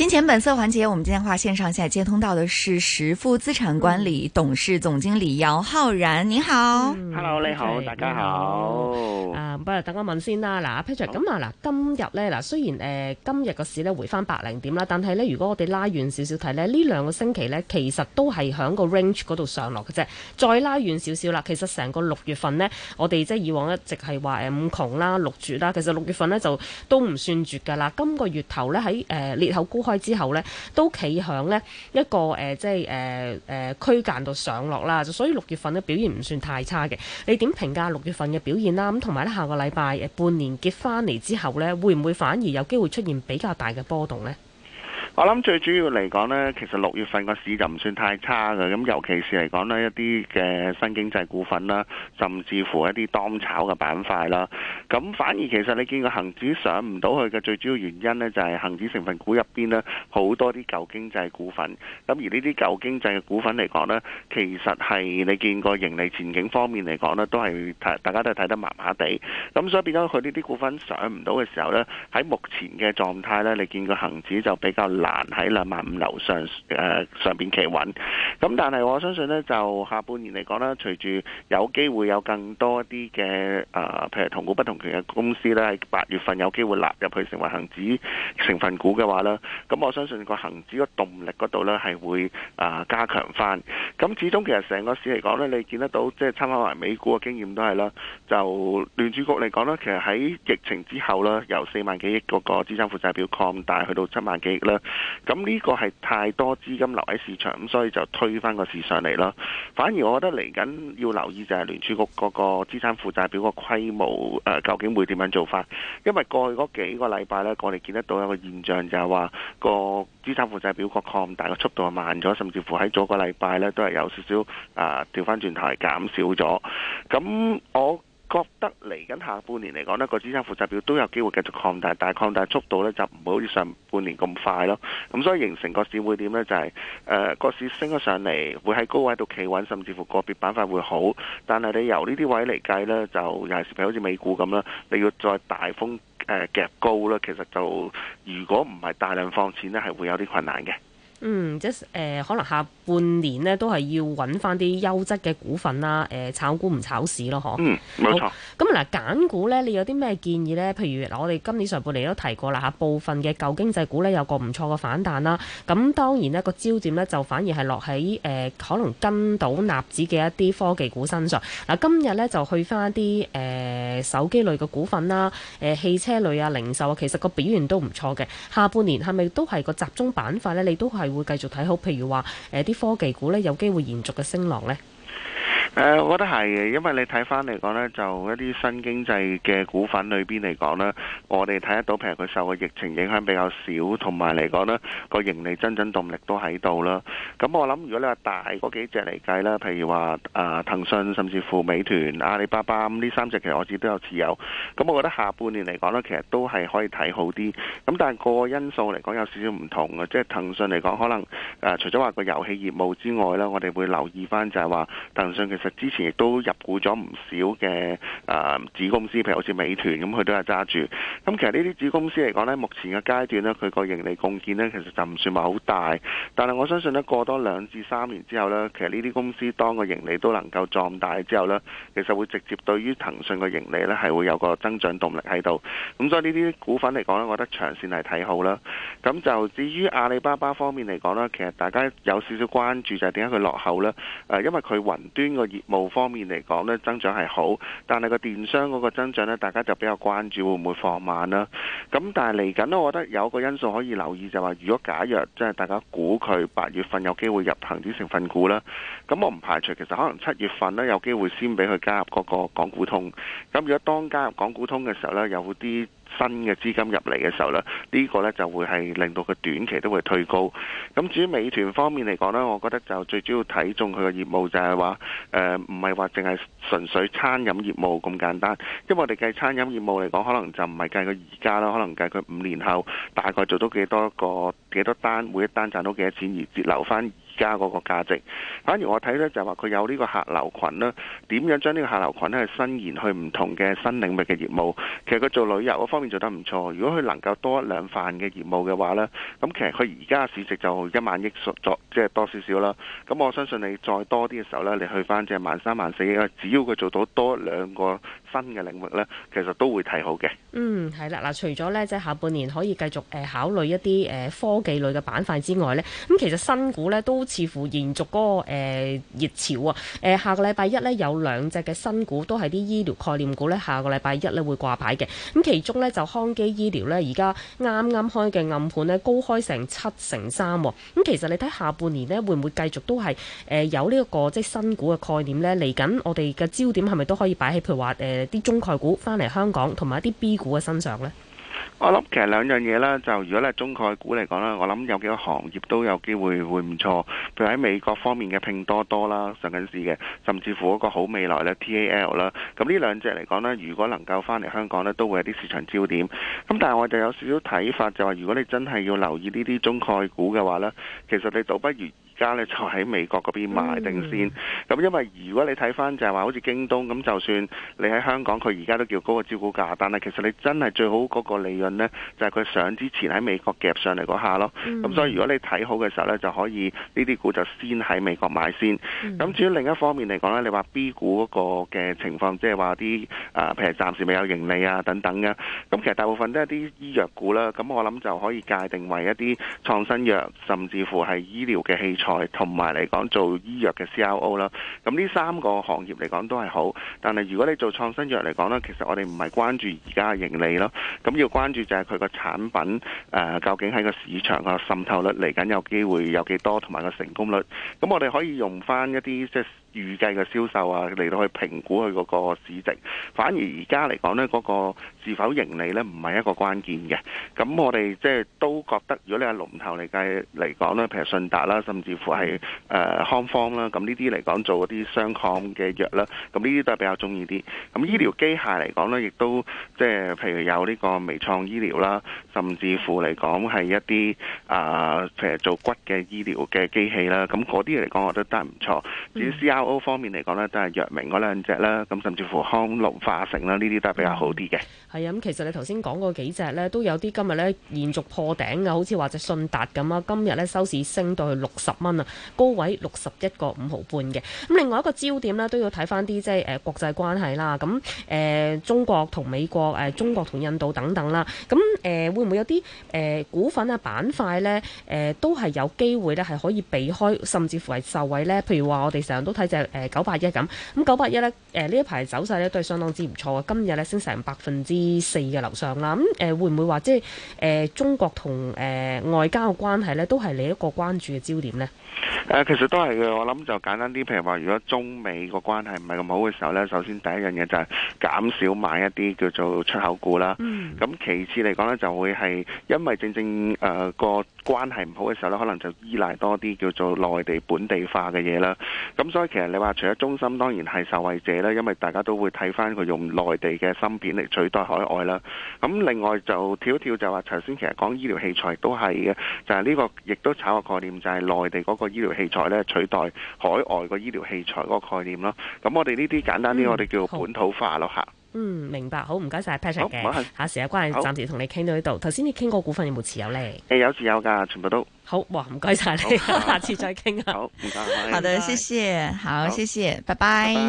金錢本色環節，我們今天話線上下接通到的是時富資產管理、嗯、董事總經理姚浩然，你好。嗯、Hello，你好，對大家好。好啊、不如等我問先啦。嗱，Patrick，咁好啊嗱，今日咧嗱，雖然誒、呃、今日個市咧回翻百零點啦，但係咧如果我哋拉遠少少睇呢，呢兩個星期咧其實都係響個 range 嗰度上落嘅啫。再拉遠少少啦，其實成個六月份呢，我哋即係以往一直係話誒五窮啦六絕啦，其實六月份呢就都唔算絕噶啦。今個月頭咧喺誒裂口之後咧都企喺咧一個誒、呃，即係誒誒區間度上落啦，就所以六月份咧表現唔算太差嘅。你點評價六月份嘅表現啦、啊？咁同埋咧下個禮拜誒，半年結翻嚟之後咧，會唔會反而有機會出現比較大嘅波動咧？我諗最主要嚟講呢，其實六月份個市就唔算太差嘅，咁尤其是嚟講呢，一啲嘅新經濟股份啦，甚至乎一啲當炒嘅板塊啦，咁反而其實你見個恒指上唔到去嘅最主要原因呢，就係恒指成分股入邊呢好多啲舊經濟股份，咁而呢啲舊經濟嘅股份嚟講呢，其實係你見個盈利前景方面嚟講呢，都係大家都係睇得麻麻地，咁所以變咗佢呢啲股份上唔到嘅時候呢，喺目前嘅狀態呢，你見個恒指就比較難喺兩萬五樓上誒、呃、上邊企穩，咁但係我相信呢，就下半年嚟講咧，隨住有機會有更多啲嘅誒，譬如同股不同權嘅公司咧，喺八月份有機會納入去成為恒指成分股嘅話咧，咁我相信個恒指個動力嗰度呢，係會誒加強翻。咁始終其實成個市嚟講呢，你見得到即係參考埋美股嘅經驗都係啦，就聯儲局嚟講呢，其實喺疫情之後呢，由四萬幾億嗰個資產負債表擴大去到七萬幾億咧。咁呢個係太多資金留喺市場，咁所以就推翻個市上嚟咯。反而我覺得嚟緊要留意就係聯儲局嗰個資產負債表個規模誒、呃，究竟會點樣做法？因為過去嗰幾個禮拜呢，我哋見得到有個現象就係話個資產負債表個擴大嘅速度慢咗，甚至乎喺早個禮拜呢，都係有少少、呃、減少啊，調翻轉頭係減少咗。咁我。覺得嚟緊下，下半年嚟講呢個資產負債表都有機會繼續擴大，但係擴大速度呢，就唔會好似上半年咁快咯。咁所以形成個市會點呢？就係、是、誒、呃、個市升咗上嚟，會喺高位度企穩，甚至乎個別板塊會好。但係你由呢啲位嚟計呢，就又係好似美股咁啦，你要再大風、呃、夾高啦，其實就如果唔係大量放錢呢，係會有啲困難嘅。嗯，即係誒、呃，可能下半年咧都係要揾翻啲優質嘅股份啦，誒、呃，炒股唔炒市咯，嗬。嗯，咁嗱好，揀、嗯、股咧，你有啲咩建議咧？譬如嗱，我哋今年上半年都提過啦，吓部分嘅舊經濟股咧有個唔錯嘅反彈啦。咁當然呢、個焦點咧就反而係落喺誒、呃，可能跟到納指嘅一啲科技股身上。嗱，今日咧就去翻啲誒手機類嘅股份啦，誒、呃，汽車類啊，零售啊，其實個表現都唔錯嘅。下半年係咪都係個集中板塊咧？你都係？會繼續睇好，譬如話誒啲科技股咧，有機會延續嘅升浪咧。誒，uh, 我覺得係因為你睇翻嚟講呢，就一啲新經濟嘅股份裏邊嚟講咧，我哋睇得到，譬如佢受個疫情影響比較少，同埋嚟講呢個盈利增長動力都喺度啦。咁我諗，如果你話大嗰幾隻嚟計啦，譬如話啊騰訊，甚至乎美團、阿里巴巴咁呢三隻，其實我自己都有持有。咁我覺得下半年嚟講呢，其實都係可以睇好啲。咁但係個因素嚟講有少少唔同嘅，即、就、係、是、騰訊嚟講，可能誒、啊、除咗話個遊戲業務之外咧，我哋會留意翻就係話騰訊其實，之前亦都入股咗唔少嘅、呃、子公司，譬如好似美團咁，佢、嗯、都係揸住。咁、嗯、其實呢啲子公司嚟講咧，目前嘅階段咧，佢個盈利貢獻咧，其實就唔算話好大。但係我相信咧，過多兩至三年之後咧，其實呢啲公司當個盈利都能夠壯大之後咧，其實會直接對於騰訊嘅盈利咧，係會有個增長動力喺度。咁、嗯、所以呢啲股份嚟講咧，我覺得長線係睇好啦。咁、嗯、就至於阿里巴巴方面嚟講呢，其實大家有少少關注就係點解佢落後呢，誒、呃，因為佢雲端個。業務方面嚟講呢，增長係好，但係個電商嗰個增長呢，大家就比較關注會唔會放慢啦。咁但係嚟緊呢，我覺得有個因素可以留意就係話如果假若即係大家估佢八月份有機會入行啲成分股啦，咁我唔排除其實可能七月份呢，有機會先俾佢加入嗰個港股通。咁如果當加入港股通嘅時候呢，有啲新嘅資金入嚟嘅時候呢，呢個呢就會係令到佢短期都會推高。咁至於美團方面嚟講呢，我覺得就最主要睇中佢嘅業務就係話。誒唔係話淨係純粹餐飲業務咁簡單，因為我哋計餐飲業務嚟講，可能就唔係計佢而家啦，可能計佢五年後大概做咗幾多個、幾多單，每一單賺到幾多錢，而截留翻。加嗰個價值，反而我睇咧就話佢有呢個客流群咧，點樣將呢個客流群咧去伸延去唔同嘅新領域嘅業務。其實佢做旅遊嗰方面做得唔錯，如果佢能夠多一兩範嘅業務嘅話咧，咁其實佢而家市值就一萬億左右即係多少少啦。咁我相信你再多啲嘅時候咧，你去翻只萬三萬四，因為只要佢做到多兩個。新嘅領域呢，其實都會睇好嘅。嗯，係啦，嗱，除咗呢，即係下半年可以繼續誒考慮一啲誒科技類嘅板塊之外呢，咁其實新股呢都似乎延續嗰、那個誒熱、呃、潮啊。誒、呃，下個禮拜一呢，有兩隻嘅新股都係啲醫療概念股呢，下個禮拜一呢會掛牌嘅。咁其中呢，就康基醫療呢，而家啱啱開嘅暗盤呢，高開成七成三，哦。咁其實你睇下半年呢，會唔會繼續都係誒、呃、有呢、這、一個即係新股嘅概念呢，嚟緊？我哋嘅焦點係咪都可以擺喺譬如話誒，呃啲中概股返嚟香港，同埋一啲 B 股嘅身上呢，我諗其實兩樣嘢啦。就如果咧中概股嚟講啦，我諗有幾個行業都有機會會唔錯。譬如喺美國方面嘅拼多多啦上緊市嘅，甚至乎一個好未來咧 TAL 啦。咁呢兩隻嚟講咧，如果能夠返嚟香港呢，都會有啲市場焦點。咁但係我就有少少睇法，就話如果你真係要留意呢啲中概股嘅話呢，其實你倒不如。家咧就喺美國嗰邊買定先，咁、嗯、因為如果你睇返就係話好似京東咁，就算你喺香港，佢而家都叫高個招股價，但係其實你真係最好嗰個利潤呢，就係、是、佢上之前喺美國夾上嚟嗰下咯。咁、嗯、所以如果你睇好嘅時候呢，就可以呢啲股就先喺美國買先。咁、嗯、至於另一方面嚟講呢，你話 B 股嗰個嘅情況，即係話啲啊，譬、呃、如暫時未有盈利啊等等嘅，咁其實大部分都係啲醫藥股啦。咁我諗就可以界定為一啲創新藥，甚至乎係醫療嘅器材。同埋嚟講做醫藥嘅 CRO 啦，咁呢三個行業嚟講都係好，但係如果你做創新藥嚟講呢，其實我哋唔係關注而家嘅盈利咯，咁要關注就係佢個產品、啊、究竟喺個市場嘅滲透率嚟緊有機會有幾多，同埋個成功率，咁我哋可以用翻一啲即。就係預計嘅銷售啊，嚟到去評估佢嗰個市值，反而而家嚟講呢，嗰個是否盈利呢，唔係一個關鍵嘅。咁我哋即係都覺得，如果你係龍頭嚟計嚟講呢，譬如信達啦，甚至乎係誒、呃、康方啦，咁呢啲嚟講做啲雙抗嘅藥啦，咁呢啲都係比較鍾意啲。咁醫療機械嚟講呢，亦都即係譬如有呢個微創醫療啦，甚至乎嚟講係一啲啊，譬如做骨嘅醫療嘅機器啦，咁嗰啲嚟講我覺得都係唔錯。至於、嗯歐方面嚟講呢都係藥明嗰兩隻啦，咁甚至乎康龍化成啦，呢啲都係比較好啲嘅。係啊，咁其實你頭先講嗰幾隻咧，都有啲今日呢延續破頂嘅，好似話隻信達咁啊，今日呢，收市升到去六十蚊啊，高位六十一個五毫半嘅。咁另外一個焦點呢，都要睇返啲即係誒國際關係啦，咁、呃、誒中國同美國誒、呃、中國同印度等等啦，咁、呃、誒會唔會有啲誒、呃、股份啊板塊呢？誒、呃、都係有機會呢，係可以避開，甚至乎係受惠呢。譬如話我哋成日都睇。就九八一咁，咁九八一咧誒呢一排走勢咧都係相當之唔錯嘅，今日咧升成百分之四嘅樓上啦。咁誒、呃、會唔會話即係誒中國同誒、呃、外交嘅關係咧，都係你一個關注嘅焦點呢？誒其實都係嘅，我諗就簡單啲，譬如話如果中美個關係唔係咁好嘅時候咧，首先第一樣嘢就係減少買一啲叫做出口股啦。咁、嗯、其次嚟講咧就會係因為正正誒個、呃、關係唔好嘅時候咧，可能就依賴多啲叫做內地本地化嘅嘢啦。咁所以其實誒，你話除咗中心當然係受惠者啦，因為大家都會睇翻佢用內地嘅芯片嚟取代海外啦。咁另外就跳一跳就話，頭先其實講醫療器材都係嘅，就係呢個亦都炒個概念，就係內地嗰個醫療器材咧取代海外個醫療器材嗰個概念咯。咁我哋呢啲簡單啲，我哋叫做本土化咯嚇。嗯嗯，明白，好，唔該晒 Patrick 嘅，好、哦，下時有關暫時同你傾到呢度。頭先好你傾嗰股份有冇持有咧？誒、欸，有持有㗎，全部都好，哇，唔該晒你， 下次再傾啊。好，唔該，好的，謝謝，好，謝謝，拜拜。